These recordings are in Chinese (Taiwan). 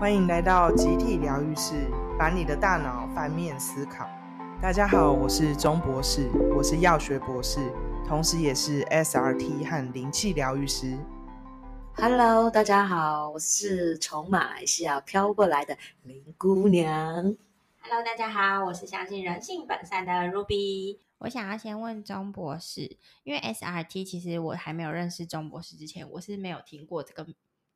歡迎來到集體療癒室，把你的大腦翻面思考。大家好，我是鍾博士，我是藥學博士，同時也是 SRT 和靈氣療癒師。Hello，大家好，我是從馬來西亞飄過來的林姑娘。Hello，大家好，我是相信人性本善的 Ruby。我想要先問鍾博士，因為 SRT 其實我還沒有認識鍾博士之前，我是沒有聽過這個。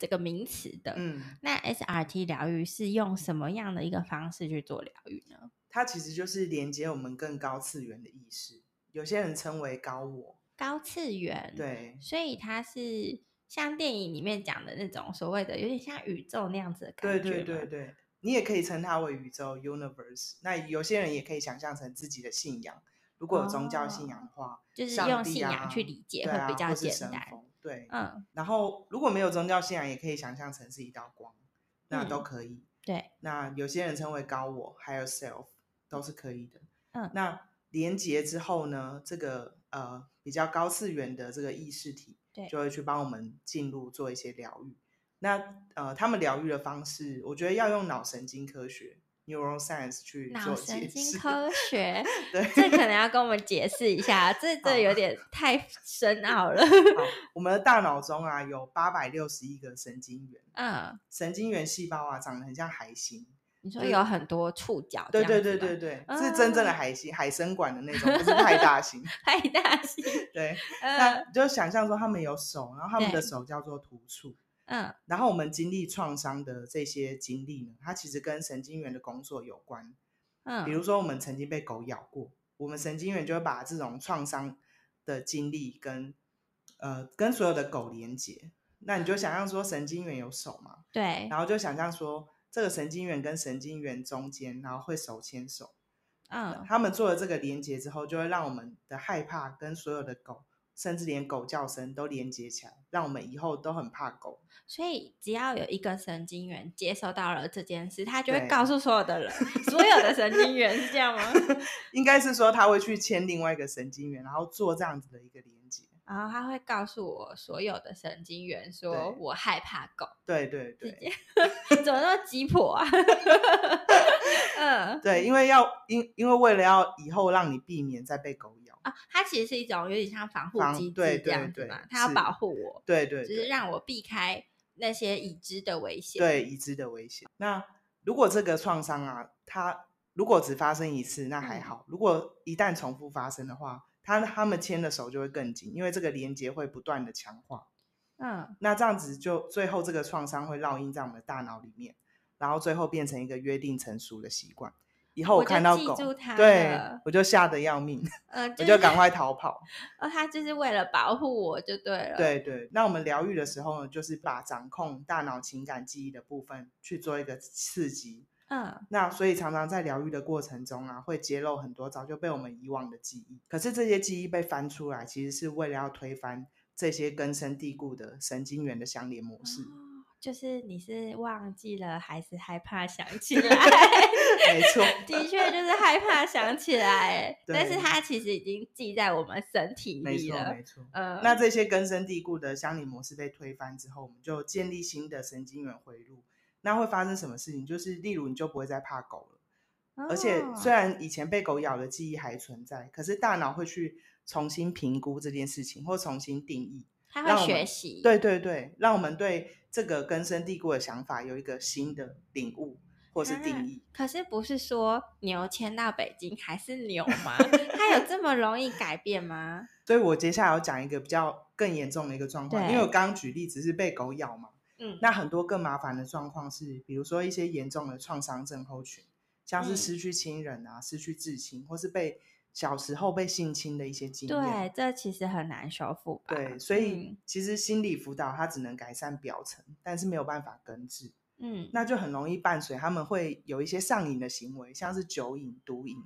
這個名詞的，嗯，那 SRT 療癒是用什麼樣的一個方式去做療癒呢？它其實就是連接我們更高次元的意識，有些人稱為高我、高次元。對，所以它是像電影裡面講的那種所謂的，有點像宇宙那樣子的感覺。對對對對，你也可以稱它為宇宙 （universe）。那有些人也可以想象成自己的信仰，如果有宗教信仰的話，哦，就是用信仰去理解會比較簡單。對，嗯，然後如果沒有宗教信仰，也可以想象成是一道光，嗯，那都可以。對，那有些人稱為高我 （higher self） 都是可以的。嗯，那連接之後呢，這個呃比較高次元的這個意識體，對，就會去幫我們進入做一些療癒。那呃，他們療癒的方式，我覺得要用腦神經科學。Neuroscience 去做解釋，科學 對，這可能要跟我們解釋一下， 這這有點太深奧了。 我們的大腦中啊有八百六十億個神經元，嗯，神經元細胞啊長得很像海星，嗯，你說有很多觸角對，對對對對，對，對，嗯、是真正的海星，海生館的那種，不是太大型。 太大型。 對，嗯，那就想象說他們有手，然後他們的手叫做突觸。嗯嗯，然後我們經歷創傷的這些經歷呢，它其實跟神經元的工作有關。嗯，比如說我們曾經被狗咬過，我們神經元就會把這種創傷的經歷跟呃跟所有的狗連接。那你就想象說神經元有手嘛，對。然後就想象說這個神經元跟神經元中間，然後會手牽手。嗯，oh，他們做了這個連接之後，就會讓我們的害怕跟所有的狗。甚至連狗叫聲都連接起來，讓我們以後都很怕狗。所以，只要有一個神經元接收到了這件事，他就會告訴所有的人， 所有的神經元是這樣嗎？ 應該是說他會去牽另外一個神經元，然後做這樣子的一個連接。然後他會告訴我所有的神經元，說我害怕狗。對對，對對， 你怎麼那麼雞婆啊？ 嗯，對，因為要因因為為了要以後讓你避免再被狗咬。哦，它其實是一種有點像防護機制，對對對這樣子嘛，它要保護我。對對，對對，就是讓我避開那些已知的危險。對，已知的危險。那如果這個創傷啊，它如果只發生一次，那還好；嗯、如果一旦重複發生的話，他他們牽的手就會更緊，因為這個連接會不斷的強化。嗯，那這樣子就最後這個創傷會烙印在我們的大腦裡面，然後最後變成一個約定成熟的習慣。以後我看到狗，對，我就嚇得要命，呃，就我就趕快逃跑。呃，他就是為了保護我就對了。對對對，那我們療癒的時候呢，就是把掌控大腦、情感、記憶的部分去做一個刺激。嗯，那所以常常在療癒的過程中啊，會揭露很多早就被我們遺忘的記憶。可是這些記憶被翻出來，其實是為了要推翻這些根深蒂固的神經元的相連模式。嗯，就是你是忘記了，還是害怕想起來？ 沒錯， 的確就是害怕想起來。對。但是它其實已經記在我們身體裡了。沒錯，沒錯。嗯，那這些根深蒂固的相連模式被推翻之後，我們就建立新的神經元回路。那會發生什麼事情？就是例如，你就不會再怕狗了。Oh. 而且，雖然以前被狗咬的記憶還存在，可是大腦會去重新評估這件事情，或重新定義。它會學習。對對對，讓我們對這個根深蒂固的想法有一個新的領悟，或是定義。可是，不是說牛牽到北京還是牛嗎？ 它有這麼容易改變嗎？所以我接下來要講一個比較更嚴重的一個狀況，因為我剛剛舉例只是被狗咬嘛。嗯，那很多更麻煩的狀況是，比如說一些嚴重的創傷症候群，像是失去親人啊，嗯、失去至親，或是被小時候被性侵的一些經驗。對，這其實很難修復。對，所以其實心理輔導它只能改善表層，但是沒有辦法根治。嗯，那就很容易伴隨他們會有一些上癮的行為，像是酒癮、毒癮。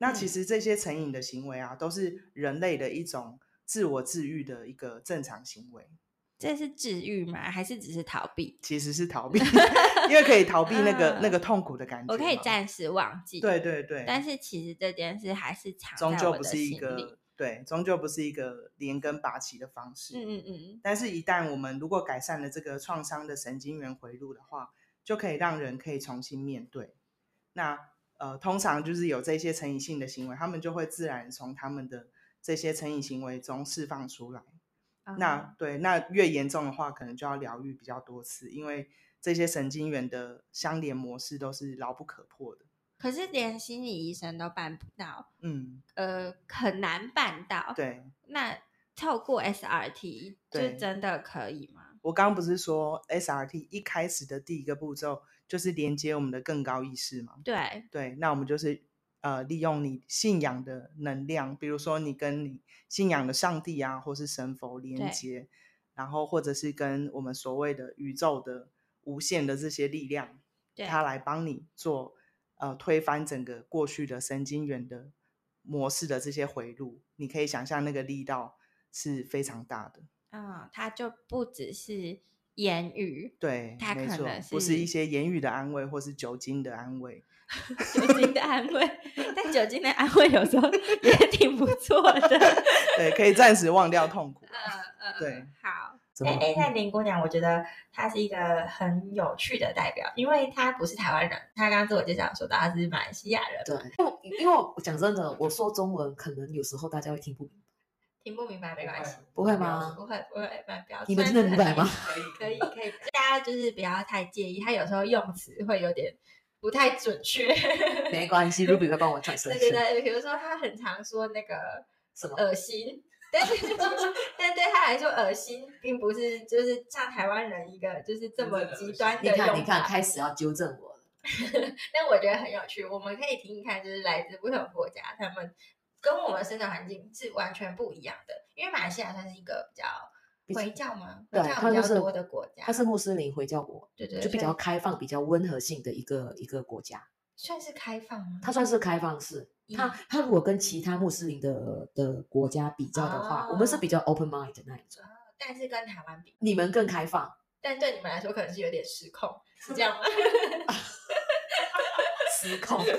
那其實這些成癮的行為啊，都是人類的一種自我治癒的一個正常行為。這是治癒嗎？還是只是逃避？其實是逃避， 因為可以逃避那個、啊、那個痛苦的感覺。我可以暫時忘記。對對對。但是其實這件事還是藏的。終究不是一個，對，終究不是一個連根拔起的方式。嗯嗯嗯。但是，一旦我們如果改善了這個創傷的神經元回路的話，就可以讓人可以重新面對。那呃，通常就是有這些成癮性的行為，他們就會自然從他們的這些成癮行為中釋放出來。Uh -huh. 那對，那越嚴重的話，可能就要療癒比較多次，因為這些神經元的相連模式都是牢不可破的。可是連心理醫生都辦不到，嗯，呃，很難辦到。對，那透過 SRT 就真的可以嗎？我剛剛不是說 SRT 一開始的第一個步驟就是連接我們的更高意識嗎？對，對，那我們就是。呃，利用你信仰的能量，比如說你跟你信仰的上帝啊，或是神佛連接，然後或者是跟我們所謂的宇宙的無限的這些力量，對，他來幫你做呃推翻整個過去的神經元的模式的這些回路，你可以想象那個力道是非常大的。嗯、哦，他就不只是言語，對，他可能是，沒錯，不是一些言語的安慰，或是酒精的安慰。 酒精的安慰， 但酒精的安慰有時候也挺不錯的， 對，可以暫時忘掉痛苦。嗯嗯，對，好。哎哎，泰、欸、林姑娘，我覺得她是一個很有趣的代表，因為她不是台灣人，她剛剛自我介紹說到她是馬來西亞人。對，因為我講真的，我說中文可能有時候大家會聽不明白。聽不明白沒關係，不會嗎？不會不會，蠻不要，你們聽得明白嗎？可以可以可以，可以可以可以 大家就是不要太介意，她有時候用詞會有點。不太準確，沒關係 ，Ruby 會幫我轉準確。對對對，比如說他很常說那個什麼噁心，但對， 但對他來說噁心並不是就是像台灣人一個就是這麼極端的用法。你看，你看，開始要糾正我了。 但我覺得很有趣，我們可以聽一看，就是來自不同國家，他們跟我們生長環境是完全不一樣的。因為馬來西亞算是一個比較。回教嗎？教，對，它就是他的國家，它是穆斯林回教國，對，對對，就比較開放、比較溫和性的一個一個國家，算是開放嗎？它算是開放式。嗯、它它如果跟其他穆斯林的的國家比較的話、哦，我們是比較 open mind 的那一種。哦、但是跟台灣比，你們更開放，但對你們來說可能是有點失控，是這樣嗎？ 失控， 失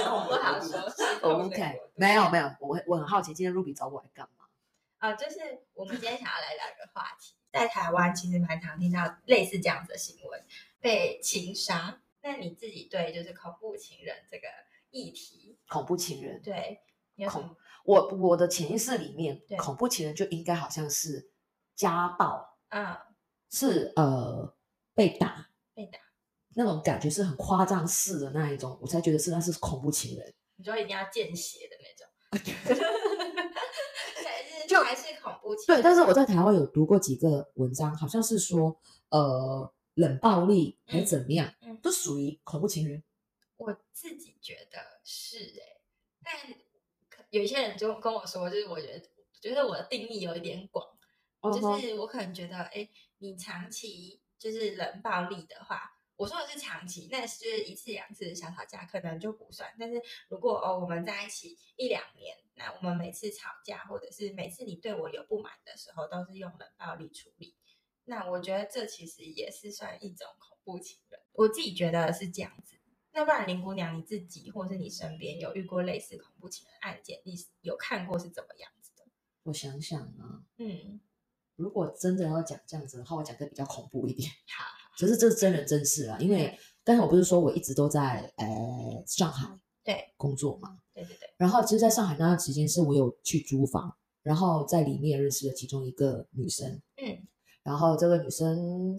控，哦、我好說失控，OK， 沒有沒有，我我很好奇，今天 Ruby 找我來幹嘛？啊、哦，就是我們今天想要來聊一個話題，在台灣其實蠻常聽到類似這樣子的新聞，被情殺。那你自己對就是恐怖情人這個議題，恐怖情人對，恐我我的潛意識裡面、嗯對，恐怖情人就應該好像是家暴啊、嗯，是呃被打被打那種感覺是很誇張式的那一種，我才覺得是他是恐怖情人，你說一定要見血的那種。 還是恐怖情人。對，但是我在台灣有讀過幾個文章，好像是說，呃，冷暴力還怎麼樣、嗯嗯，都屬於恐怖情人。我自己覺得是哎、欸，但有一些人就跟我說，就是我覺得我覺得我的定義有一點廣，Uh-huh. 就是我可能覺得哎、欸，你長期就是冷暴力的話。我說的是長期，那是一次兩次的小吵架可能就不算，但是如果哦，我們在一起一兩年，那我們每次吵架或者是每次你對我有不滿的時候，都是用冷暴力處理，那我覺得這其實也是算一種恐怖情人，我自己覺得是這樣子。那不然林姑娘你自己或者是你身邊有遇過類似恐怖情人案件，你有看過是怎麼樣子的？我想想啊，嗯，如果真的要講這樣子的話，我講的比較恐怖一點，好。 就是這是真人真事啊，因為剛才我不是說我一直都在呃上海對工作嘛，對對對，對。然後其實在上海那段時間是我有去租房，嗯、然後在裡面認識了其中一個女生，嗯，然後這個女生誒、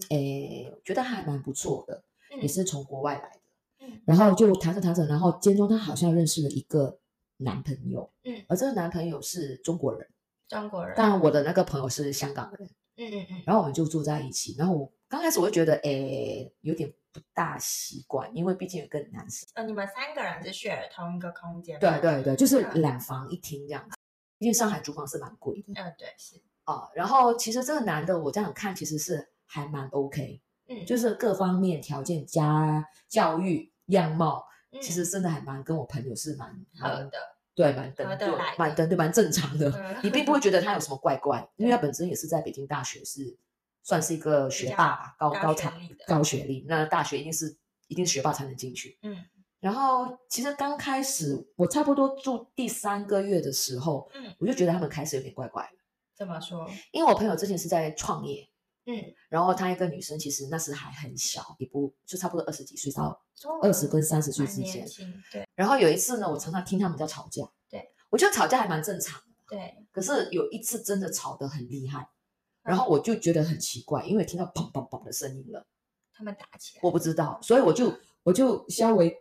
呃、覺得還蠻不錯的，嗯，也是從國外來的，嗯，然後就談着談着，然後間中她好像認識了一個男朋友，嗯，而這個男朋友是中國人，中國人，但我的那個朋友是香港人，嗯嗯嗯，然後我們就住在一起，然後我。剛開始我就覺得，哎，有點不大習慣，因為畢竟有個男生。呃、嗯，你們三個人是睡同一個空間？對對對，就是兩房一廳這樣。畢、嗯、竟上海租房是蠻貴的嗯。嗯，對，是。啊，然後其實這個男的，我這樣看其實是還蠻 OK。嗯。就是各方面條件加教育樣貌，嗯、其實真的還蠻跟我朋友是蠻合的、嗯。對，蠻對合得來。蠻得對，蠻正常的、嗯。你並不會覺得他有什麼怪怪，因為他本身也是在北京大學是。算是一個學霸吧、啊，高高產、高學歷。那大學一定是，一定是學霸才能進去。嗯。然後其實剛開始，我差不多住第三個月的時候，嗯，我就覺得他們開始有點怪怪的。怎麼說？因為我朋友之前是在創業，嗯，然後她一個女生，其實那時還很小，嗯、也不就差不多二十幾歲、嗯、到二十跟三十歲之間。對。然後有一次呢，我常常聽他們在吵架。對。我覺得吵架還蠻正常的。對。可是有一次真的吵得很厲害。然後我就覺得很奇怪，因為聽到砰砰砰的聲音了，他們打起來，我不知道，所以我就、啊、我就稍微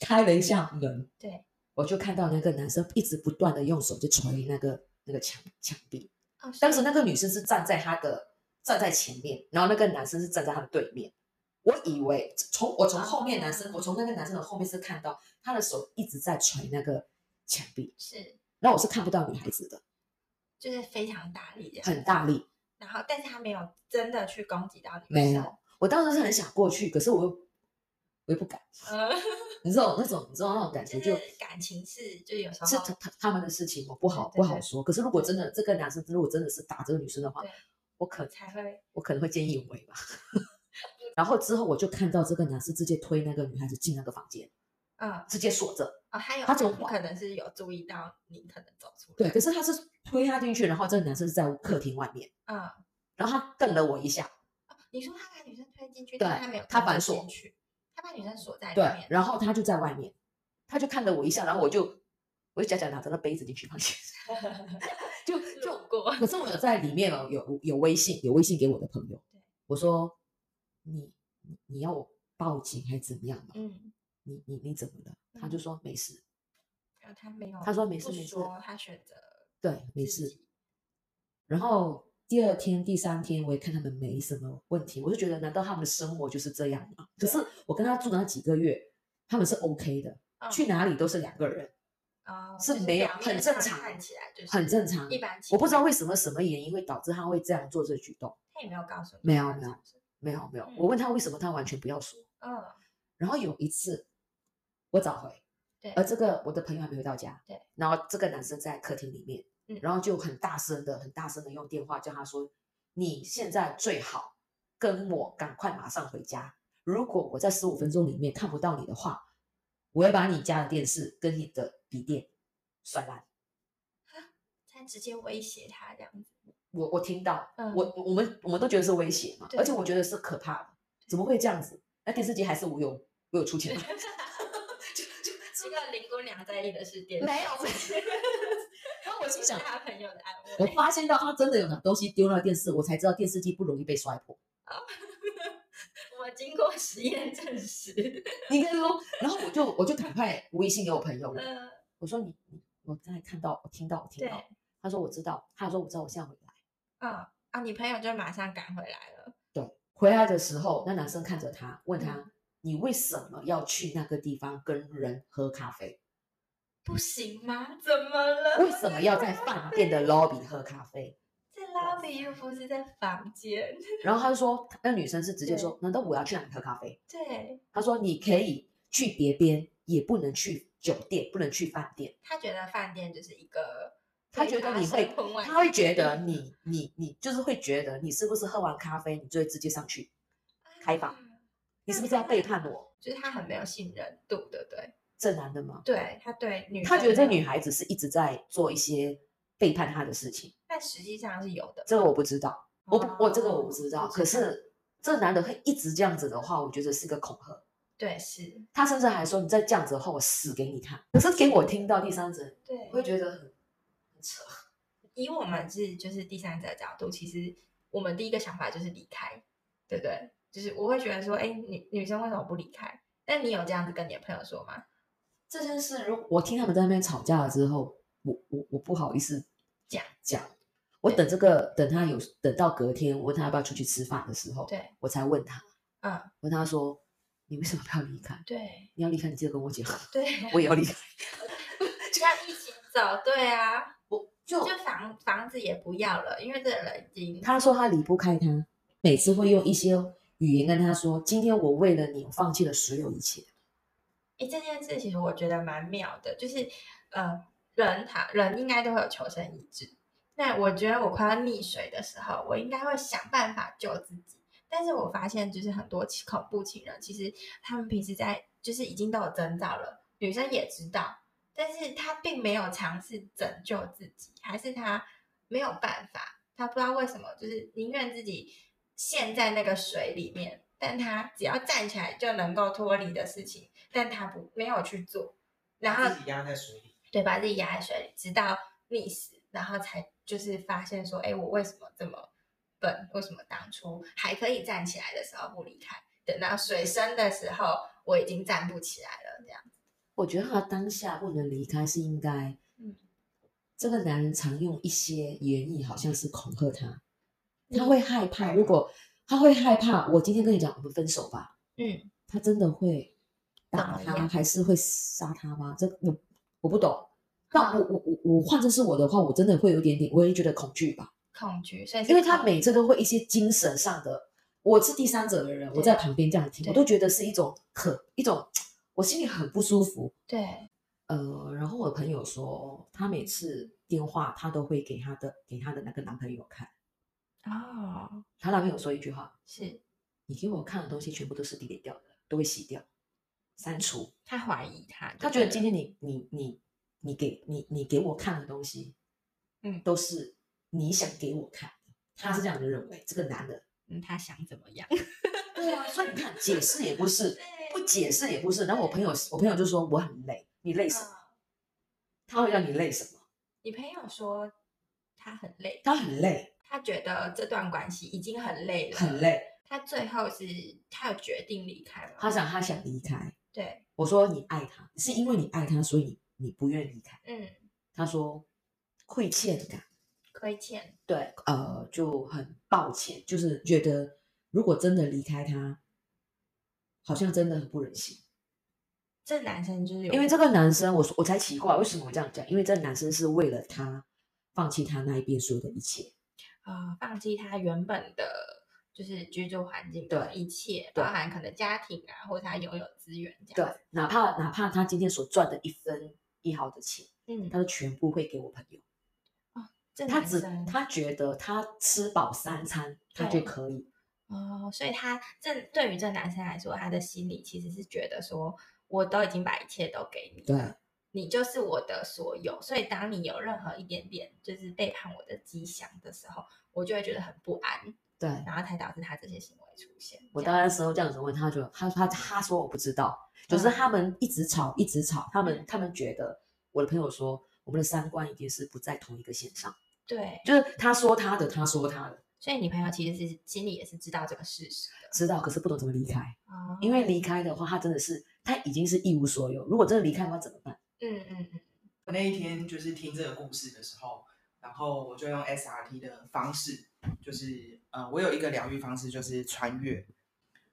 開了一下門，對，我就看到那個男生一直不斷的用手就捶那個那個牆牆壁、哦是，當時那個女生是站在他的站在前面，然後那個男生是站在他的對面，我以為從我從後面男生、哦，我從那個男生的後面是看到他的手一直在捶那個牆壁，是，然後我是看不到女孩子的，就是非常大力的，很大力。然後，但是他沒有真的去攻擊到女生。沒有，我當時是很想過去，可是我又，我又不敢、呃。你知道那種你知道那種感覺就是、感情是，就有時候是他他他們的事情，我不好、嗯、不好說。可是如果真的這個男生如果真的是打這個女生的話，我可才會我可能會見義勇為吧。 然後之後我就看到這個男生直接推那個女孩子進那個房間。嗯，直接鎖着啊！還、哦、有，他總不可能是有注意到你可能走出來。對，可是他是推他進去，然後這個男生是在客廳外面。嗯，然後他瞪了我一下。哦、你說他把女生推進去，對，但他沒有，他反鎖進去，他把女生鎖在對，然後他就在外面，他就看了我一下，然後我就我就假假拿着個杯子進去房間，嗯、 就就，可是我有在裡面哦，有有微信，有微信給我的朋友，對我說你你要我報警還是怎麼樣嗯？你你你怎麼了、嗯？他就說沒事，他沒有。他說沒事沒事。說他選擇對沒事。然後第二天第三天我也看他們沒什麼問題，我就覺得難道他們的生活就是這樣嗎？可是、就是我跟他住那幾個月，他們是 OK 的，okay. 去哪裡都是兩個人，啊、okay. oh,，是沒有、就是、很正常，看起來就是很正常。一般，我不知道為什麼什麼原因會導致他會這樣做這個舉動。他也沒有告訴我。沒有沒有沒有沒有、嗯。我問他為什麼，他完全不要說。嗯，然後有一次。我早回，而這個我的朋友還沒回到家，對，然後這個男生在客廳裡面，嗯，然後就很大聲的、很大聲的用電話叫他說：“你現在最好跟我趕快馬上回家，如果我在十五分鐘裡面看不到你的話，我要把你家的電視跟你的筆電摔爛。啊”他直接威脅他這樣子，我我聽到，嗯，我我們我們都覺得是威脅嘛，而且我覺得是可怕的，怎麼會這樣子？那電視機還是我有我有出錢的。 林姑娘在意的是電視沒有。 我想是想他朋友的安慰。我發現到他真的有拿東西丟那電視，我才知道電視機不容易被摔破。哦、我經過實驗證實，應該說，然後我就, 我,就我就趕快微信給我朋友了、呃。我說你，我剛才看到，我聽到，我聽到。他說我知道，他說我知道，我現在回來。啊、哦。啊，你朋友就馬上趕回來了。對，回來的時候，那男生看着他，問他。嗯你為什麼要去那個地方跟人喝咖啡？不行嗎？怎麼了？為什麼要在飯店的 lobby 喝咖啡？在 lobby 又不是在房間。然後他就說，那女生是直接說，難道我要去哪裡喝咖啡？對，他說你可以去別邊，也不能去酒店，不能去飯店。他覺得飯店就是一個，他，他覺得你會，他會覺得你，你，你，你就是會覺得，你是不是喝完咖啡，你就會直接上去開房？嗯你是不是要背叛我？就是他很沒有信任度對不對？這男的嗎？對，他對女，他覺得這女孩子是一直在做一些背叛他的事情，但實際上是有的。這個我不知道，哦、我不，我這個我不知道。嗯、可是這男的會一直這樣子的話，我覺得是個恐嚇。對，是他甚至還說：“你再這樣子的話，我死給你看。”可是給我聽到第三者、嗯，對，我會覺得很扯。以我們、就是就是第三者的角度，其實我們第一個想法就是離開，對不對，對？就是我會覺得說，哎，女女生為什麼不離開？那你有這樣子跟你的朋友說嗎？這件事，如果我聽他們在那邊吵架了之後，我我我不好意思講講。我等這個，等他有等到隔天，我問他要不要出去吃飯的時候，對我才問他，嗯，問他說你為什麼不要離開？對，你要離開，你記得跟我講。對，我也要離開， 就要一起走。對啊，我就就房房子也不要了，因為這個人已經他說他離不開他，每次會用一些、嗯。語言跟他說：“今天我為了你，放棄了所有一切。”哎，這件事其實我覺得蠻妙的，就是呃，人好人應該都會有求生意志。那我覺得我快要溺水的時候，我應該會想辦法救自己。但是我發現，就是很多恐怖情人，其實他們平時在就是已經都有徵兆了，女生也知道，但是他並沒有嘗試拯救自己，還是他沒有辦法，他不知道為什麼，就是寧願自己。陷在那個水裡面，但他只要站起來就能夠脫離的事情，但他不沒有去做，然後自己壓在水裡，對，把自己壓在水裡，直到溺死，然後才就是發現說，哎，我為什麼這麼笨？為什麼當初還可以站起來的時候不離開？等到水深的時候，我已經站不起來了。這樣，我覺得他當下不能離開是應該。嗯，這個男人常用一些言語，好像是恐嚇他。嗯他會害怕、嗯，如果他會害怕、嗯，我今天跟你講，我們分手吧。嗯，他真的會打他還是會殺他嗎？這我我不懂。但、嗯、我我我我換成是我的話，我真的會有點點，我也覺得恐懼吧。恐懼，所以是因為他每次都會一些精神上的，我是第三者的人，我在旁邊這樣聽，我都覺得是一種很一種，我心裡很不舒服。對，呃，然後我朋友說，他每次電話，他都會給他的給他的那個男朋友看。哦、oh,，他男朋友說一句話：“是你給我看的東西，全部都是你給掉的，都會洗掉、刪除。”他懷疑他對對，他覺得今天你、你、你、你給你、你給我看的東西，嗯，都是你想給我看。他是這樣的認為，這個男的，嗯，他想怎麼樣？ 對啊，所以你看，解釋也不是，不解釋也不是。然後我朋友，我朋友就說我很累，你累什麼？嗯、他，他會讓你累什麼？你朋友說他很累，他很累。他覺得這段關係已經很累了，很累。他最後是，他有決定離開了。他想，他想離開。對，我說你愛他，是因為你愛他，所以你，你不願意離開。嗯，他說虧欠感，虧欠，對，呃，就很抱歉，就是覺得如果真的離開他，好像真的很不忍心。這男生就是，因為這個男生，我說我才奇怪，為什麼我這樣講？因為這男生是為了他放棄他那一邊所有的一切。啊，放棄他原本的，就是居住環境的，對一切，包含可能家庭啊，或者他擁有資源這樣，對，哪怕哪怕他今天所賺的一分一毫的錢，嗯，他都全部會給我朋友，這、嗯、他只他覺得他吃飽三餐，他就可以哦，所以他這對於這男生來說，他的心裡其實是覺得說，我都已經把一切都給你，對。你就是我的所有，所以當你有任何一點點就是背叛我的跡象的時候，我就會覺得很不安。對，然後才導致他這些行為出現。我當時時候這樣子問他，他，就他說他他說我不知道，就是他們一直吵、嗯、一直吵，他們、嗯、他們覺得我的朋友說我們的三觀一定是不在同一個線上。對，就是他說他的，他說他的。所以你朋友其實是心裡也是知道這個事實的，知道可是不懂怎麼離開、哦。因為離開的話，他真的是他已經是一無所有。如果真的離開的話，怎麼辦？嗯嗯嗯，我那一天就是聽這個故事的時候，然後我就用 SRT 的方式，就是呃，我有一個療癒方式，就是穿越。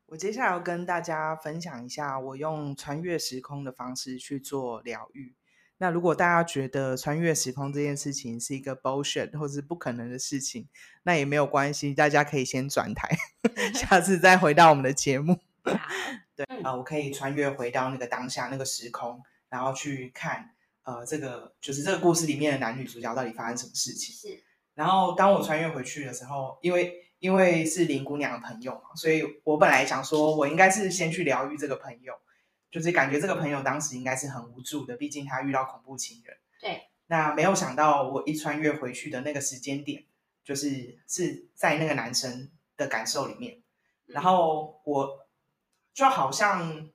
我接下來要跟大家分享一下，我用穿越時空的方式去做療癒。那如果大家覺得穿越時空這件事情是一個 bullshit 或是不可能的事情，那也沒有關係，大家可以先轉台， 下次再回到我們的節目。 對啊，呃，我可以穿越回到那個當下那個時空。然後去看，呃，這個就是這個故事裡面的男女主角到底發生什麼事情？是。然後當我穿越回去的時候，因為因為是林姑娘的朋友嘛，所以我本來想說，我應該是先去療癒這個朋友，就是感覺這個朋友當時應該是很無助的，畢竟他遇到恐怖情人。對。那沒有想到，我一穿越回去的那個時間點，就是是在那個男生的感受裡面，嗯，然後我就好像。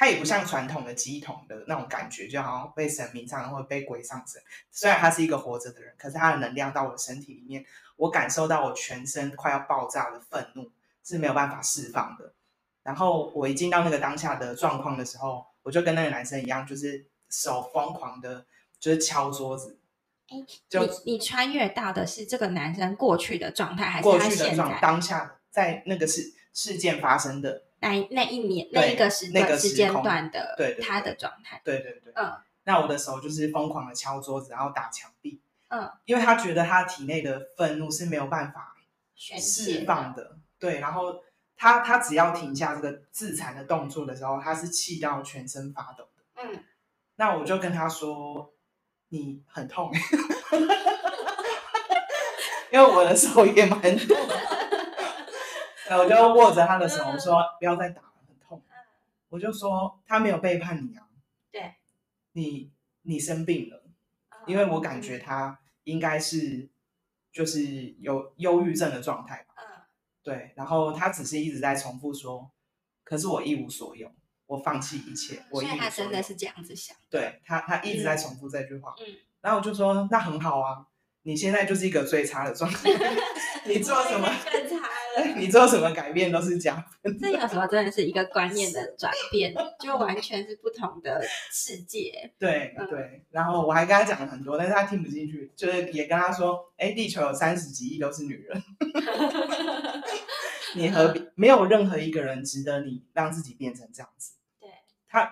他也不像傳統的乩童的那種感覺，就好像被神明上或者被鬼上身。雖然他是一個活着的人，可是他的能量到我的身體裡面，我感受到我全身快要爆炸的憤怒是沒有辦法釋放的。然後我一進到那個當下的狀況的時候，我就跟那個男生一樣，就是手瘋狂的，就是敲桌子。哎，就你你穿越到的是這個男生過去的狀態，還是過去的狀態當下，在那個事事件發生的？那那一年那一個時對、那個、時，時間段的對對對他的狀態，對，對對對，嗯，那我的手就是瘋狂的敲桌子，然後打牆壁，嗯，因為他覺得他體內的憤怒是沒有辦法釋放的，對，然後他他只要停下這個自殘的動作的時候，他是氣到全身發抖的，嗯，那我就跟他說，你很痛， 因為我的手也蠻痛。我就握着他的手，我說不要再打了，很痛，嗯。我就說他沒有背叛你啊，對，你你生病了，嗯，因為我感覺他應該是就是有憂鬱症的狀態吧，嗯。對，然後他只是一直在重複說，可是我一無所有，我放棄一切，我一無所有。嗯、所以他真的是這樣子想。對他，他一直在重複這句話。嗯，嗯，然後我就說，那很好啊。你現在就是一個最差的狀態， 你做什麼最差了？你做什麼改變都是假。這有時候真的是一個觀念的轉變， 就完全是不同的世界。對對、嗯。然後我還跟他講了很多，但是他聽不進去。就是也跟他說，誒，地球有三十幾億都是女人。 你何必、嗯？沒有任何一個人值得你讓自己變成這樣子。對他，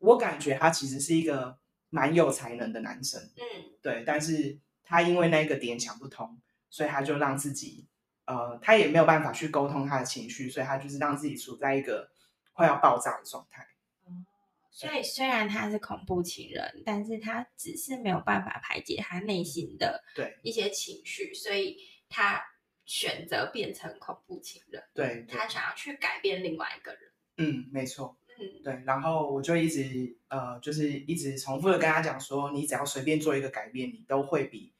我感覺他其實是一個蠻有才能的男生。嗯，對，但是。他因為那個點想不通，所以他就讓自己，呃，他也沒有辦法去溝通他的情緒，所以他就是讓自己處在一個快要爆炸的狀態。嗯，所以雖然他是恐怖情人，但是他只是沒有辦法排解他內心的對一些情緒，所以他選擇變成恐怖情人。對，對，他想要去改變另外一個人。嗯，沒錯。嗯，對。然後我就一直呃，就是一直重複的跟他講說，你只要隨便做一個改變，你都會比。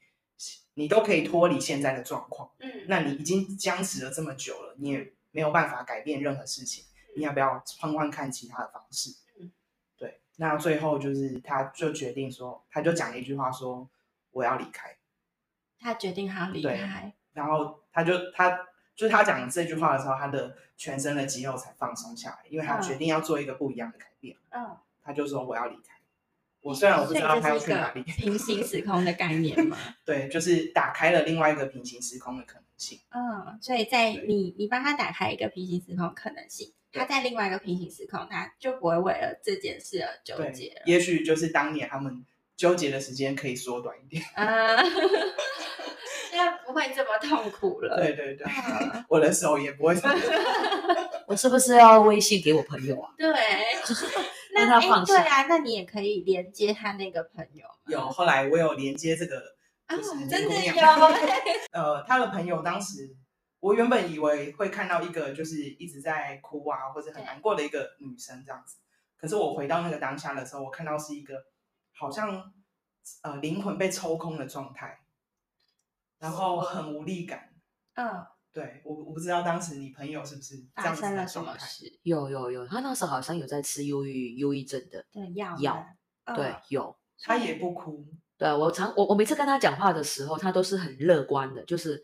你都可以脫離現在的狀況，嗯，那你已經僵持了這麼久了，你也沒有辦法改變任何事情，你要不要換換看其他的方式？嗯，對。那最後就是他就決定說，他就講了一句話說：“我要離開。”他決定他離開。對。然後他就他就他講這句話的時候，他的全身的肌肉才放鬆下來，因為他決定要做一個不一樣的改變。嗯、哦。他就說：“我要離開。”我雖然我不知道他要去哪裡，平行時空的概念嘛， 對，就是打開了另外一個平行時空的可能性。嗯，所以在你你幫他打開一個平行時空的可能性，他在另外一個平行時空，他就不會為了這件事而糾結了。也許就是當年他們糾結的時間可以縮短一點啊，因、uh, 為 不會這麼痛苦了。 對對對、嗯，我的手也不會酸。 我是不是要微信給我朋友啊？對。欸、對啊，那你也可以連接他那個朋友。有，後來我有連接這個，哦就是、真的有。 呃，他的朋友當時，我原本以為會看到一個就是一直在哭啊，或者很難過的一個女生這樣子。可是我回到那個當下的時候，我看到是一個好像、呃、靈魂被抽空的狀態，然後很無力感。嗯。對，我我不知道當時你朋友是不是這樣大三的時候有有有，他那時候好像有在吃憂鬱憂鬱症的藥，藥對,對、哦、有，他也不哭，對我常我我每次跟他講話的時候，他都是很樂觀的，就是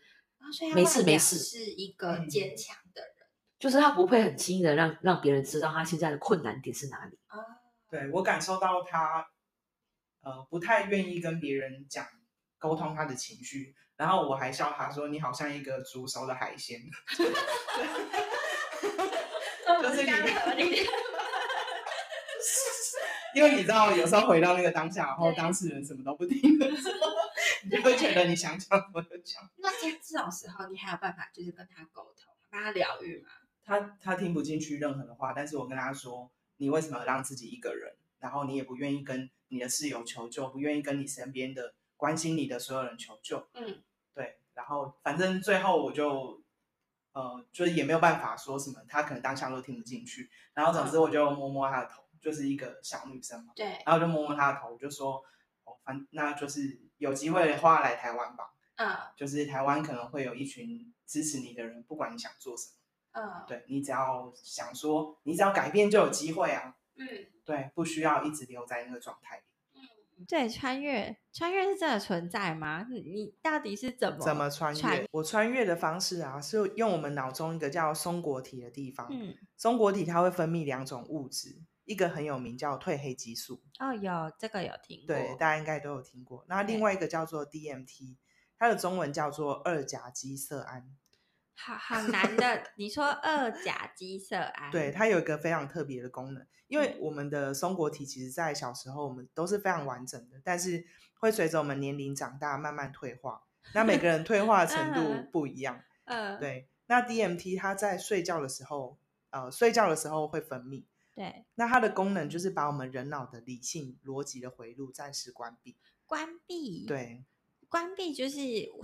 沒事、啊、沒事，是一個堅強的人，嗯、就是他不會很輕易的讓讓別人知道他現在的困難點是哪裡、哦、對我感受到他、呃、不太願意跟別人講溝通他的情緒。然後我還笑他說：“你好像一個煮熟的海鮮。”哈哈哈，因為你知道，有時候回到那個當下，然後當事人什麼都不聽的時候， 你就會覺得你想講什麼就講。那這種時候，你還有辦法就是跟他溝通，幫他療癒嘛。他他聽不進去任何的話，但是我跟他說：“你為什麼要讓自己一個人？然後你也不願意跟你的室友求救，不願意跟你身邊的。”關心你的所有人求救，嗯，對，然後反正最後我就，呃，就是也沒有辦法說什麼，他可能當下都聽不進去，然後總之我就摸摸他的頭，嗯，就是一個小女生嘛，對，然後就摸摸他的頭，就說，哦，反那就是有機會的話來台灣吧，嗯，嗯，就是台灣可能會有一群支持你的人，不管你想做什麼，嗯，對，你只要想說，你只要改變就有機會啊，嗯，對，不需要一直留在那個狀態裡。對，穿越。穿越是真的存在嗎？你到底是怎麼怎麼穿越？我穿越的方式啊，是用我們腦中一個叫松果體的地方。嗯，松果體它會分泌兩種物質，一個很有名叫褪黑激素。哦，有，這個有聽過，對，大家應該都有聽過。那另外一個叫做 DMT，它的中文叫做二甲基色胺。好好難的， 你說二甲基色胺，對，它有一個非常特別的功能，因為我們的松果體其實，在小時候我們都是非常完整的，但是會隨着我們年齡長大慢慢退化，那每個人退化的程度不一樣，嗯 呃，對。那 DMT 它在睡覺的時候，呃，睡覺的時候會分泌，對。那它的功能就是把我們人腦的理性邏輯的回路暫時關閉，關閉，對。關閉就是，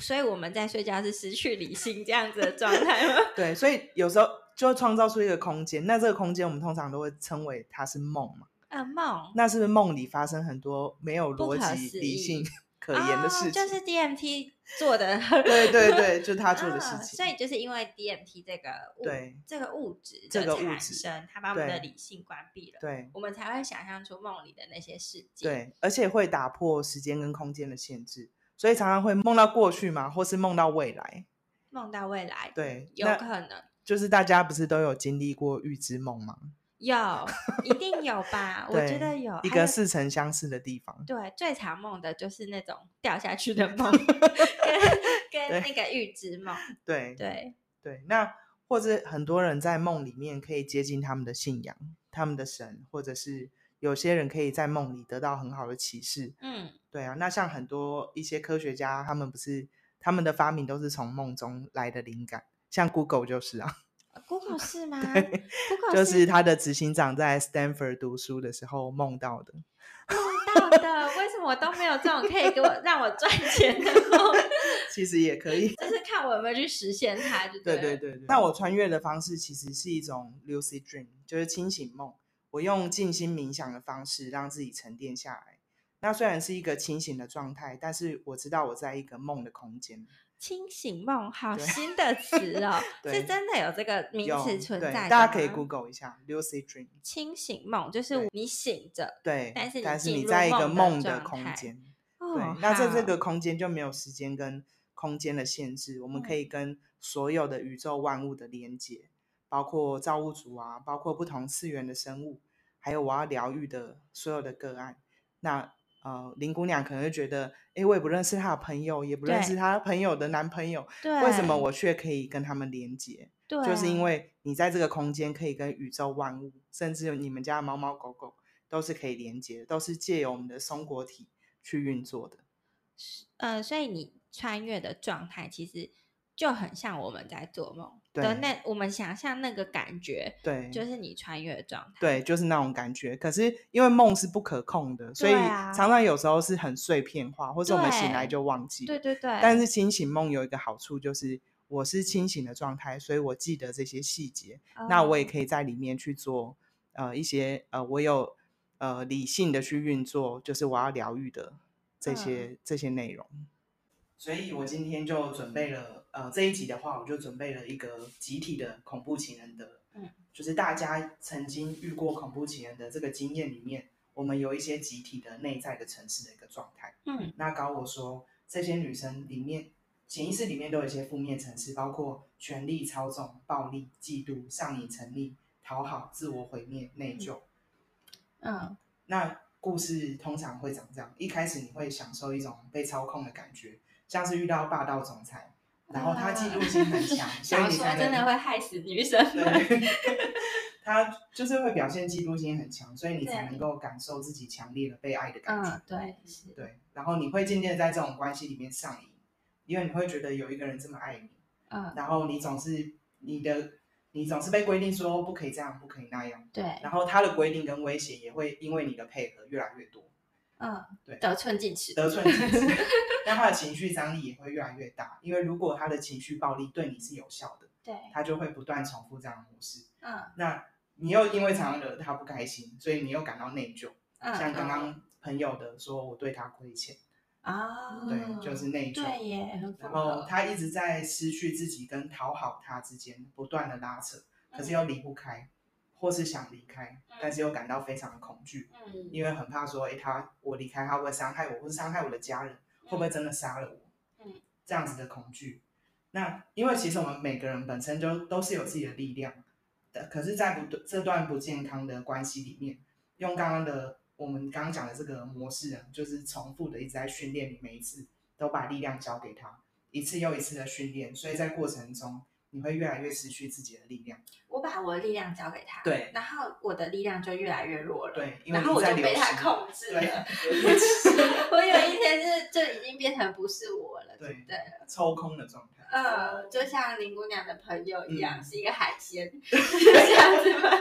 所以我們在睡覺是失去理性這樣子的狀態嗎？ 對，所以有時候就會創造出一個空間，那這個空間我們通常都會稱為它是夢嘛？啊、呃，夢。那是不是夢裡發生很多沒有邏輯、理性可言的事情？哦、就是 DMT 做的， 對對對，就是他做的事情、哦。所以就是因為 DMT 這個對這個物質這個產生，他把我們的理性關閉了，對，我們才會想象出夢裡的那些事情。對，而且會打破時間跟空間的限制。所以常常會夢到過去嘛，或是夢到未來，夢到未來，對，有可能就是大家不是都有經歷過預知夢嗎？有，一定有吧？ 我覺得有一個似曾相識的地方。對，最常夢的就是那種掉下去的夢， 跟，跟那個預知夢。對對對，對，對，那或者是很多人在夢裡面可以接近他們的信仰，他們的神，或者是有些人可以在夢裡得到很好的啟示。嗯。對啊，那像很多一些科學家，他們不是他們的發明都是從夢中來的靈感，像 Google 就是啊。Google 是嗎？對，Google 就是他的執行長在 Stanford 讀書的時候夢到的。夢到的，為什麼我都沒有這種可以給我 讓我賺錢的夢？其實也可以， 就是看我有沒有去實現它，對。對，對對對對，那我穿越的方式其實是一種 Lucid Dream，就是清醒夢。我用靜心冥想的方式讓自己沉澱下來。那雖然是一個清醒的狀態，但是我知道我在一個夢的空間。清醒夢，好新的詞哦！ 是真的有這個名詞存在的，大家可以 Google 一下 Lucy Dream。清醒夢就是你醒着，對，對，但是你，你在一個夢的空間、哦、對，那在這個空間就沒有時間跟空間的限制，哦、我們可以跟所有的宇宙萬物的連接、嗯，包括造物主啊，包括不同次元的生物，還有我要療癒的所有的個案。那呃，林姑娘可能會覺得，誒，我也不認識她的朋友，也不認識她朋友的男朋友，對，為什麼我卻可以跟他們連接？對，就是因為你在這個空間可以跟宇宙萬物，甚至你們家的貓貓狗狗都是可以連接的，都是借由我們的松果體去運作的。是，呃，所以你穿越的狀態其實就很像我們在做夢。對，對，那我們想象那個感覺，對，就是你穿越的狀態，對，就是那種感覺。可是因為夢是不可控的，所以常常有時候是很碎片化，或者我們醒來就忘記，對。對對對。但是清醒夢有一個好處就是，我是清醒的狀態，所以我記得這些細節。Oh. 那我也可以在裡面去做呃一些呃我有呃理性的去運作，就是我要療癒的這些、oh. 這些內容。所以我今天就準備了，呃，這一集的話，我就準備了一個集體的恐怖情人的，嗯，就是大家曾經遇過恐怖情人的這個經驗裡面，我們有一些集體的內在的層次的一個狀態，嗯，那高我說，這些女生裡面，潛意識裡面都有一些負面層次，包括權力操縱、暴力、嫉妒、上癮、成癮、討好、自我毀滅、內疚，嗯，嗯 oh. 那故事通常會長這樣，一開始你會享受一種被操控的感覺。像是遇到霸道總裁，然後他嫉妒心很強，小、嗯、說真的會害死女生。對。他就是會表現嫉妒心很強，所以你才能夠感受自己強烈的被愛的感覺、嗯。對，是，對，然後你會漸漸在這種關係裡面上癮，因為你會覺得有一個人這麼愛你，嗯，然後你總是你的，你總是被規定說不可以這樣，不可以那樣，對，然後他的規定跟威脅也會因為你的配合越來越多。嗯，對，得寸進尺，得寸進尺，那 他的情緒張力也會越來越大，因為如果他的情緒暴力對你是有效的，對，他就會不斷重複這樣的模式。嗯，那你又因為常常惹他不開心、嗯，所以你又感到內疚。嗯，像剛剛朋友的說，我對他虧欠啊，對，就是內疚。對耶，很恐怖，然後他一直在失去自己跟討好他之間不斷的拉扯，可是又離不開。嗯或是想離開，但是又感到非常的恐懼，因為很怕說，哎、欸，他我離開他會傷害我，或是傷害我的家人，會不會真的殺了我？嗯，這樣子的恐懼。那因為其實我們每個人本身就都，都是有自己的力量的，可是在不，這段不健康的關係裡面，用剛剛的我們剛剛講的這個模式啊，就是重複的一直在訓練，每一次都把力量交給他，一次又一次的訓練，所以在過程中。你會越來越失去自己的力量。我把我的力量交給他，對，然後我的力量就越來越弱了，對，因為你在流失，然後我就被他控制了。 我有一天是就，就已經變成不是我了，對對抽空的狀態、嗯，就像林姑娘的朋友一樣，是、嗯、一個海鮮，就 這樣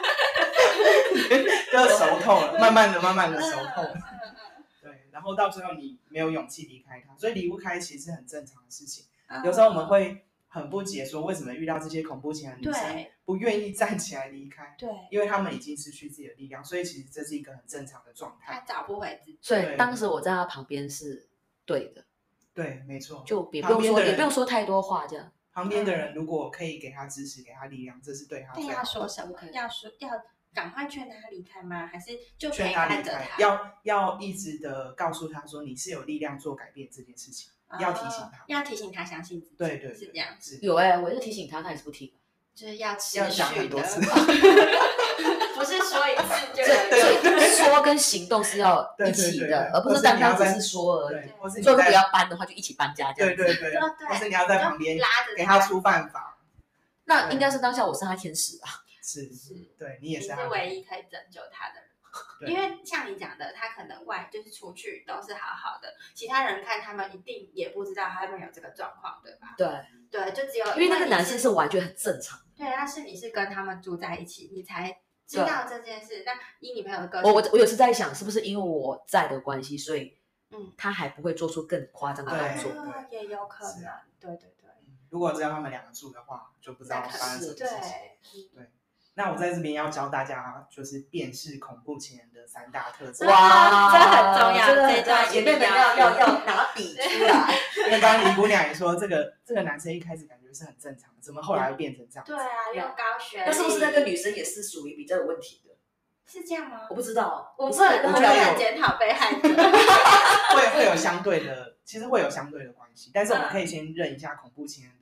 子 就熟透了，慢慢的、慢慢的熟透了、嗯嗯，然後到時候你沒有勇氣離開他，所以離不開其實是很正常的事情。嗯、有時候我們會。嗯很不解，說為什麼遇到這些恐怖情人的女生對，不願意站起來離開？對，因為他們已經失去自己的力量，所以其實這是一個很正常的狀態。他找不回自己，所以當時我在他旁邊是對的。對，沒錯。就比方說，也不用說太多話，這樣。旁邊的人如果可以給他支持、給他力量，這是對他的。對，他說什麼？要說要趕快勸他離開嗎？還是就勸他離開？要要一直的告訴他說，你是有力量做改變這件事情。要提醒他，啊、要提醒他相信你。對對，對，是這樣子。有哎、欸，我就提醒他，他也是不聽。就要是要想很多次。 是吧 不是說，一次， 就。是說跟行動是要一起的對對對對，而不是單單只是說而已。說要搬的話，就一起搬家，這樣子。對對對，對。還 是你要在旁邊拉着，給他出辦法。那應該是當下我是他天使吧、啊？是是，是對，你也是他，你是唯一可以拯救他的。因為像你講的，他可能外就是出去都是好好的，其他人看他們一定也不知道他們有這個狀況，對吧？對對，就只有因為，因為那個男生，是完全很正常。對，但是你是跟他們住在一起，你才知道這件事。那以你女朋友的個性我，我我有時在想，是不是因為我在的關係，所以嗯，他還不會做出更誇張的動作，嗯呃？也有可能、啊，對對對，對對對。如果只要他們兩個住的話，就不知道發生什麼事情。對。對那我在這邊要教大家，就是辨識恐怖情人的三大特徵。哇，這很重要，這很重要，也變得要要要，要，要，要，要拿筆出來。那剛剛林姑娘也說， 這個這個男生一開始感覺是很正常，怎麼後來又變成這樣？對啊，有高血壓。那是不是那個女生也是屬於比較有問題的？是這樣嗎？我不知道，我們我，不知道我，我有很多檢討被害者。 會會有相對的， 其實會有相對的關係，但是我們可以先認一下恐怖情人。啊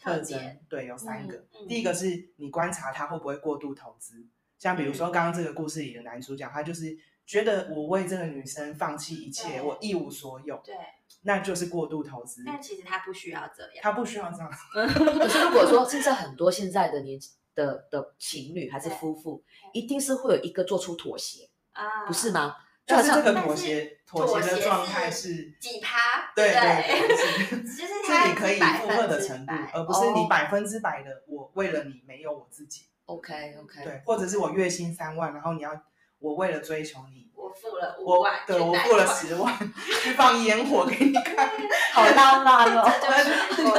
特徵對，有三個、嗯嗯。第一個是你觀察他會不會過度投資、嗯，像比如說剛剛這個故事裡的男主角、嗯，他就是覺得我為這個女生放棄一切，我一無所有，對，那就是過度投資。但其實他不需要這樣，他不需要這樣。嗯、 可是如果說現在很多現在的年，的的情侶還是夫婦，一定是會有一個做出妥協啊，不是嗎？啊但、就是這個妥協，妥協的狀態是幾趴，對對對，對， 就是你可以負荷的程度，而不是你百分之百的我為了你、嗯、沒有我自己。OK OK，對，okay, 或者是我月薪三萬，然後你要我為了追求你，我付了五萬，我對，我付了十萬 去放煙火給你看， 好浪漫哦。對、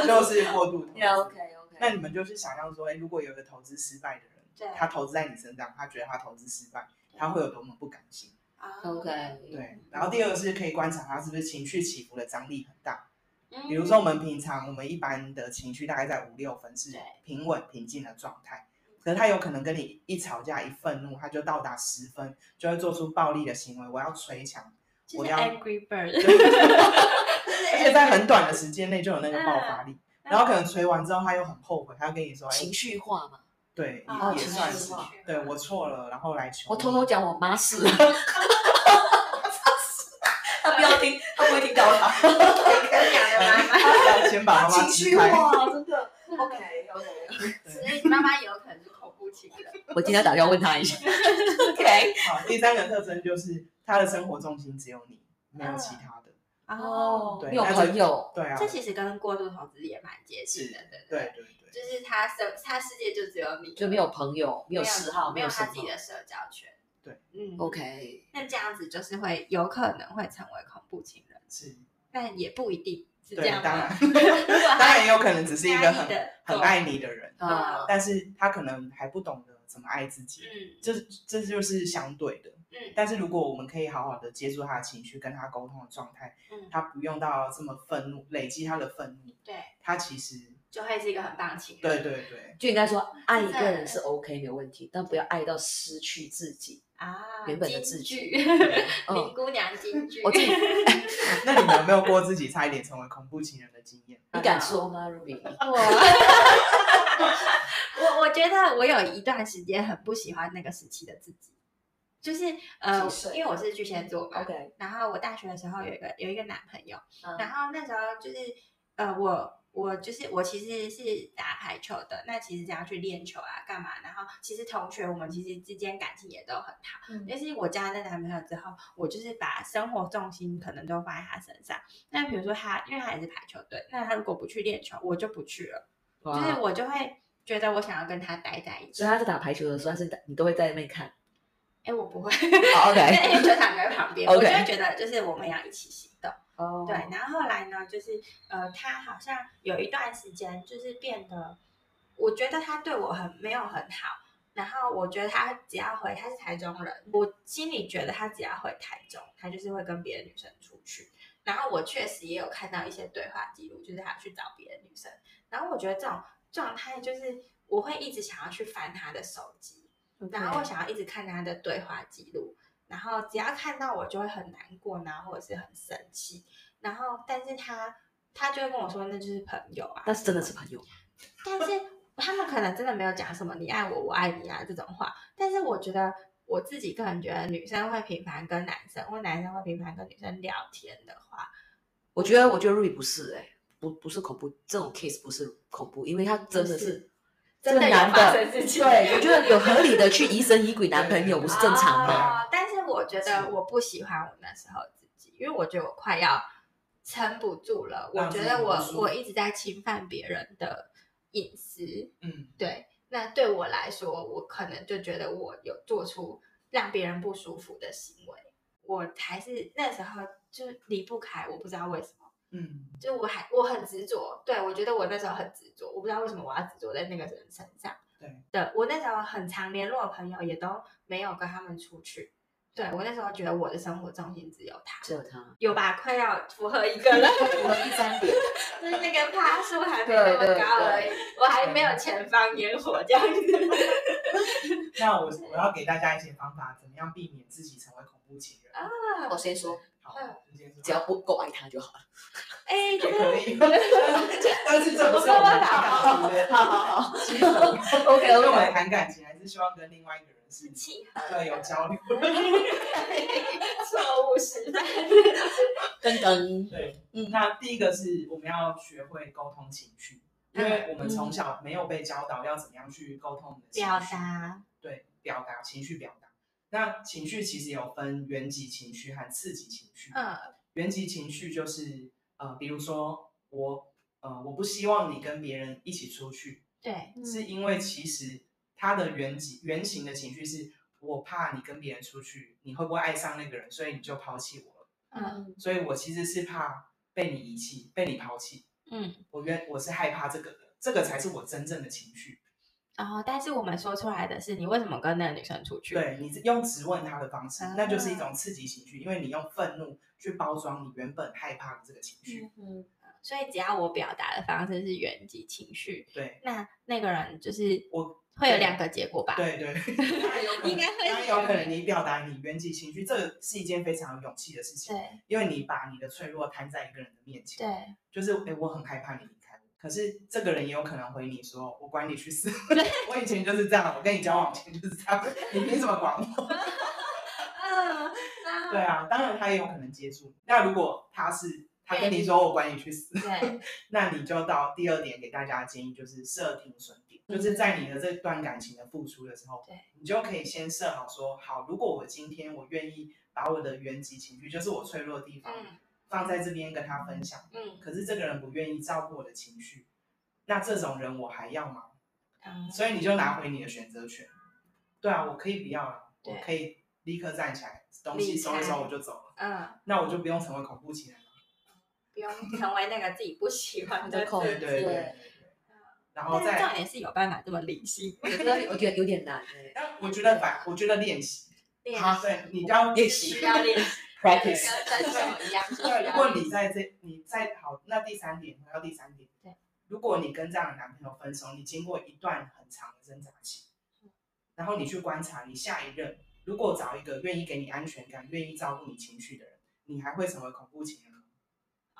就是， 就是過度 yeah, OK OK，那你們就是想要說，哎，如果有一個投資失敗的人，他投資在你身上，他覺得他投資失敗，他會有多麼不甘心？OK，對，然後第二個是可以觀察他是不是情緒起伏的張力很大，比如說我們平常、mm -hmm. 我們一般的情緒大概在五六分是平穩平靜的狀態，mm -hmm. 可是他有可能跟你一吵架一憤怒，他就到達十分，就會做出暴力的行為，我要捶牆，就是、angry bird. 我要， 是 angry bird. 而且在很短的時間內就有那個爆發力，yeah. 然後可能捶完之後他又很後悔，他要跟你說情緒化嘛。哎對也、啊，也算是,是對，我錯了，然後來求我偷偷講，我媽是，她不要聽，她不會聽到的，我哈你哈哈。你講的媽媽，先把媽媽請開情緒、哦、真的，OK，所以媽媽有可能是恐怖情人，我今天打算要問她一下 ，OK。好，第三個特徵就是她的生活重心只有你，沒有其他的哦、 oh,。對，有朋友，對啊，這其實跟過度投資也蠻接近的，對,對對。對就是他生他世界就只有你，就沒有朋友，沒有嗜好，沒有他自己的社交圈。對，嗯，OK。那這樣子就是會有可能會成為恐怖情人，是，但也不一定是這樣對。當然， 當然也有可能只是一個很、哦、很愛你的人，啊、哦，但是他可能還不懂得怎麼愛自己，嗯，這這就是相對的，嗯，但是如果我們可以好好的接觸他的情緒，跟他溝通的狀態，嗯，他不用到這麼憤怒，累積他的憤怒，對，他其實。就會是一個很棒的情人。對對對。就應該說，愛一個人是 OK 沒有問題，對對對，但不要愛到失去自己啊，原本的自己，句哦、林姑娘，金句。 那你們有沒有過自己差一點成為恐怖情人的經驗？你敢說嗎 ，Ruby？我， 我我覺得我有一段時間很不喜歡那個時期的自己，就是，是、啊、呃，因為我是巨蟹座，OK，、嗯、然後我大學的時候有一個有一個男朋友、嗯，然後那時候就是呃我。我就是我，其實是打排球的。那其實這樣去練球啊，幹嘛？然後其實同學我們其實之間感情也都很好。嗯，但是我交了那男朋友之後，我就是把生活重心可能都放在他身上。那比如說他，因為他也是排球隊，那他如果不去練球，我就不去了。就是我就會覺得我想要跟他待在一起。所以他在打排球的時候，是你都會在那邊看？哎、欸，我不會。 oh, OK。就躺在旁邊。Okay. 我就會覺得，就是我們要一起行動。Oh, 對，然後後來呢，就是呃，他好像有一段時間就是變得，我覺得他對我很沒有很好。然後我覺得他只要回，他是台中人，我心裡覺得他只要回台中，他就是會跟別的女生出去。然後我確實也有看到一些對話記錄，就是他去找別的女生。然後我覺得這種狀態，就是我會一直想要去翻他的手機，okay. 然後我想要一直看他的對話記錄。然後只要看到我就會很難過，然後或者是很生氣，然後但是他他就會跟我說，那就是朋友啊。但是真的是朋友，但是他們可能真的沒有講什麼“你愛我，我愛你啊”啊這種話。但是我覺得我自己個人覺得，女生會頻繁跟男生，或男生會頻繁跟女生聊天的話，我覺得我覺得瑞不是哎、欸，不不是恐怖，這種 case 不是恐怖，因為他真的是，是真的男的，對，我覺得有合理的去疑神疑鬼，男朋友不是正常嗎？ 我覺得我不喜歡我那時候自己，因為我覺得我快要撐不住了。啊、我覺得我我，我一直在侵犯別人的隱私，嗯，對。那對我來說，我可能就覺得我有做出讓別人不舒服的行為。我還是那時候就是離不開，我不知道為什麼，嗯，就我還我很執着，對我覺得我那時候很執着，我不知道為什麼我要執着在那個人身上。對的，我那時候很常聯絡朋友也都沒有跟他們出去。對，我那時候覺得我的生活中心只有他，只有他，有吧？快要符合一個人符 合第三點， 就是那個爬樹還沒那麼高而已，對對對，我還沒有前方煙火這樣子。 那我我要給大家一些方法，怎麼樣避免自己成為恐怖情人啊？我先說，你只要不夠愛他就好了。哎、欸，就可以，但是怎麼說呢？就 就 就 好好好，OK，OK。我們談感情還是希望跟另外一個人。是契合。對，有焦慮。錯誤示範。等等。對，那第一個是我們要學會溝通情緒、嗯，因為我們從小沒有被教導要怎麼樣去溝通表達、嗯。對，表達情緒表達。那情緒其實有分原級情緒和次級情緒。嗯。原級情緒就是呃，比如說我呃，我不希望你跟別人一起出去，對，是因為其實。嗯他的原級原型的情緒是我怕你跟別人出去，你會不會愛上那個人，所以你就拋棄我了。嗯，所以我其實是怕被你遺棄，被你拋棄。嗯，我原我是害怕這個的，這個才是我真正的情緒。然後，哦，但是我們說出來的是，你為什麼跟那個女生出去？對，你用質問她的方式，那就是一種刺激情緒，嗯，因為你用憤怒去包裝你原本害怕的這個情緒。嗯，所以只要我表達的方式是原級情緒，對，那那個人就是我。會有兩個結果吧？對對，對可 應該會。當然有可能你表達你原己情緒，這是一件非常勇氣的事情。對，因為你把你的脆弱攤在一個人的面前。對，就是哎，我很害怕你離開我。可是這個人也有可能回你說：“我管你去死。”我以前就是這樣，我跟你交往前就是這樣，你憑什麼管我？ uh, uh, uh, 對啊，當然他也有可能接住。那如果他是他跟你說我管你去死，對 那你就到第二點給大家的建議就是設停損。就是在你的這段感情的付出的時候，對你就可以先設好說，好，如果我今天我願意把我的原級情緒，就是我脆弱的地方、嗯，放在這邊跟他分享，嗯，可是這個人不願意照顧我的情緒，嗯、那這種人我還要嗎、嗯？所以你就拿回你的選擇權。對啊，我可以不要了，我可以立刻站起來，東西收一收我就走了，嗯，那我就不用成為恐怖情人了，不用成為那個自己不喜歡的 對對，對然後在少年是有辦法這麼理性，我 覺得有 我覺得有， 有點難。我覺得反，我覺得練習，哈、啊，對，你要練習，要 練習，practice。 要你 對，如果你在這，你在好，那第三點，回到第三點。對。如果你跟這樣的男朋友分手，你經過一段很長的掙扎期，然後你去觀察，你下一任如果找一個願意給你安全感、願意照顧你情緒的人，你還會成為恐怖情人嗎？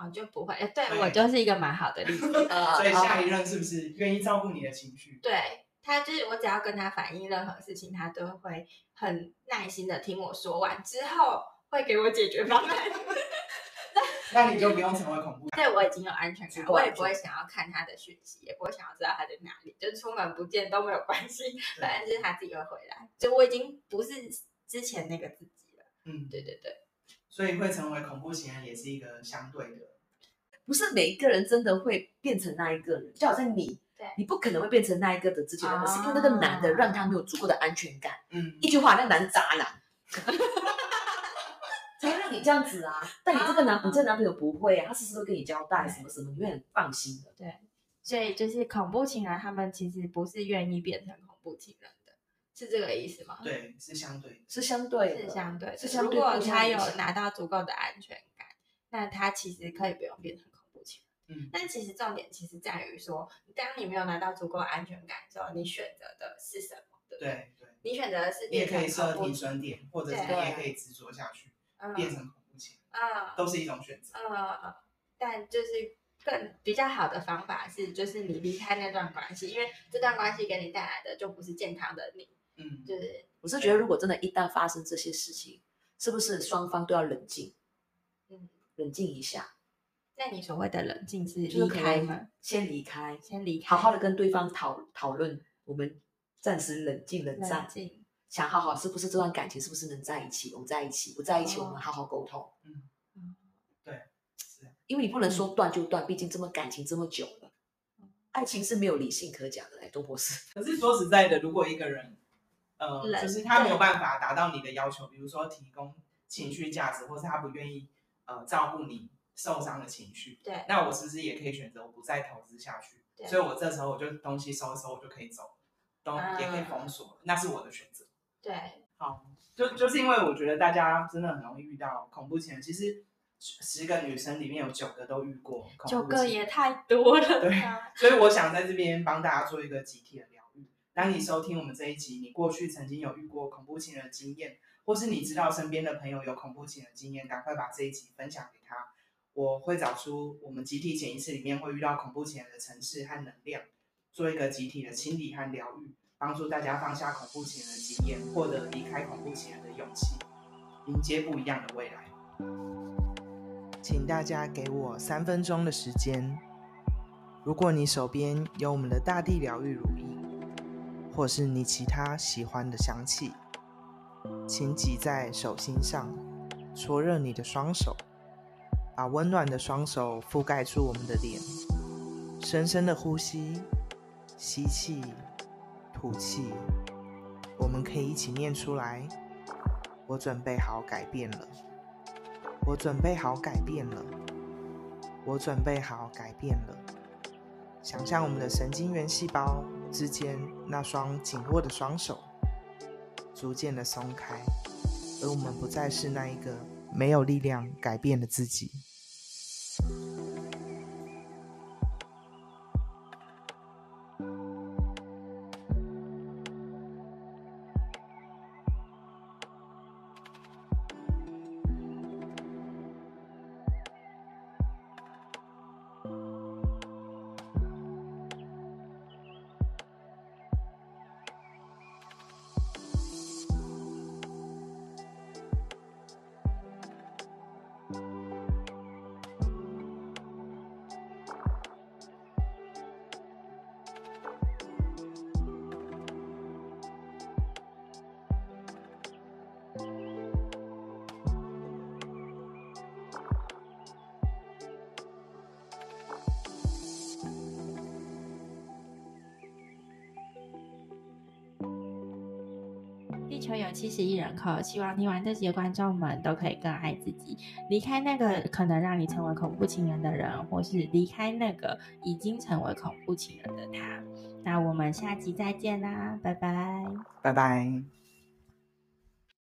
我、哦、就不會，哎、欸，對，對我就是一個蠻好的例子。呃、 所以下一任是不是願意照顧你的情緒？對他就是我，只要跟他反映任何事情，他都會很耐心的聽我說完，之後會給我解決方案。 那，那你就不用成為恐怖。對，我已經有安全感，全我也不會想要看他的訊息，也不會想要知道他在哪裡，就是出門不見都沒有關係，反正就是他自己會回來。就我已經不是之前那個自己了。嗯，對對對。所以會成為恐怖情人也是一個相對的。不是每一個人真的會變成那一個人，就好像你，對，你不可能會變成那一個的之前那個，是因為那個男的讓他沒有足夠的安全感。嗯、啊，一句話男，那男渣男， 才會讓你這樣子啊？ 但你這個男、啊，你這個男朋友不會啊，他是不是都跟你交代什麼什麼，嗯、你會很放心的。對，所以就是恐怖情人他們其實不是願意變成恐怖情人的，是這個意思嗎？對，是相對，是相對，是相對，是相對。如果他有拿到足夠的安全感、嗯，那他其實可以不用變成。嗯、但其實重點其實在於說，當你沒有拿到足夠安全感的時候，你選擇的是什麼，對不對？對，對。你選擇的是你也可以設定酸點，或者你也可以執着下去，變成恐怖情人啊，都是一種選擇啊、嗯嗯嗯。但就是更比較好的方法是，就是你離開那段關係， 因為這段關係給你帶來的就不是健康的你。嗯。就是，我是覺得，如果真的，一旦發生這些事情，是不是雙方都要冷靜？嗯，冷靜一下。在你所謂的冷靜是離開嗎？先離開，先離開，好好的跟對方討論討論，我們暫時冷靜冷戰冷靜，想好好是不是這段感情是不是能在一起？我們在一起，不在一起，哦、我們好好溝通。嗯，對，是，因為你不能說斷就斷，嗯、畢竟這麼感情這麼久了、嗯，愛情是沒有理性可講的，哎、欸，杜博士。可是說實在的，如果一個人，呃，就是他沒有辦法達到你的要求，比如說提供情緒價值，或是他不願意，呃，照顧你。受傷的情緒，對，那我是不是也可以選擇我不再投資下去？對，所以我這時候我就東西收一收，我就可以走，都也可以封鎖、嗯，那是我的選擇。對，好，就就是因為我覺得大家真的很容易遇到恐怖情人，其實十個女生裡面有九個都遇過恐怖情人，九個也太多了，對。 所以我想在這邊幫大家做一個集體的療癒。當你收聽我們這一集，你過去曾經有遇過恐怖情人的經驗，或是你知道身邊的朋友有恐怖情人的經驗，趕快把這一集分享給他。我會找出我們集體潛意識裡面會遇到恐怖情人的程式和能量，做一個集體的清理和療癒，幫助大家放下恐怖情人的經驗，獲得離開恐怖情人的勇氣，迎接不一樣的未來。請大家給我三分鐘的時間。如果你手邊有我們的大地療癒如意，或是你其他喜歡的香氣，請擠在手心上，搓熱你的雙手。把溫暖的雙手覆蓋住我們的臉，深深的呼吸，吸氣，吐氣。我們可以一起念出來：“我準備好改變了，我準備好改變了，我準備好改變了。變了”想象我們的神經元細胞之間那雙緊握的雙手，逐漸的鬆開，而我們不再是那一個。沒有力量改變了自己。希望聽完這集的觀眾們都可以更愛自己，離開那個可能讓你成為恐怖情人的人，或是離開那個已經成為恐怖情人的他。那我們下集再見啦，拜拜，拜拜。